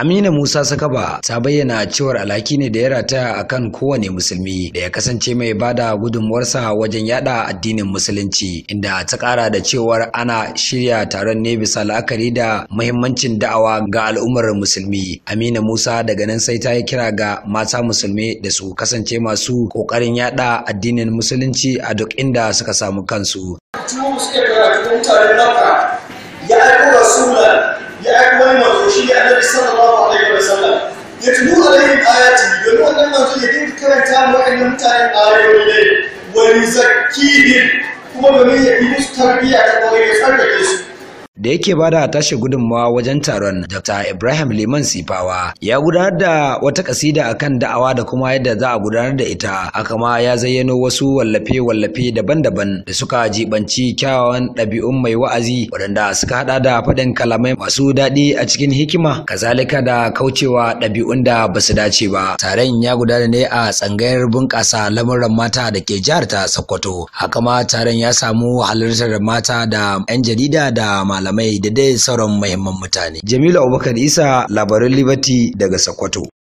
Amina Musa Sakaba ta bayyana cewar alhaki ne da ya rataya a kan kowane musulmi da ya kasance mai bada gudunmuwarsa wajen yada addinin musulunci inda ta kara da cewar ana shirya taron ne bisa la'akari da muhimmancin da'awa ga al'ummar musulmi. Amina Musa daga nan sai ta yi kira ga mata musulmi da su kasance masu kokarin yada addinin musulunci a duk inda suka samu kansu. suke lokaci ne annabi sallallahu alaihi wa sallam ya tudu alaihim ayati domin wannan manzo ya dinga karanta mu wa'annan mutanen ayoyi ne wa yuzakkihim kuma domin ya yi musu tarbiyya ta kwarai ya tsarkake da yake bada tashi gudunmawa wajen taron Dr. Ibrahim Liman Sifawa ya gudanar da wata kasida akan da'awa da kuma yadda za a gudanar da ita haka ma ya zayyano wasu wallafe-wallafe daban-daban da suka jibanci kyawawan ɗabi'un mai wa'azi waɗanda suka haɗa da faɗin kalamai masu daɗi a cikin hikima kazalika da kaucewa ɗabi'un da ba su dace ba taron ya gudana ne a tsangayar bunƙasa lamuran mata da ke jihar ta Sokoto haka ma taron ya samu halartar mata da 'yan jarida da malamai malamai da dai sauran muhimman mutane. Jamilu Abubakar Isa labaran Liberty daga Sokoto.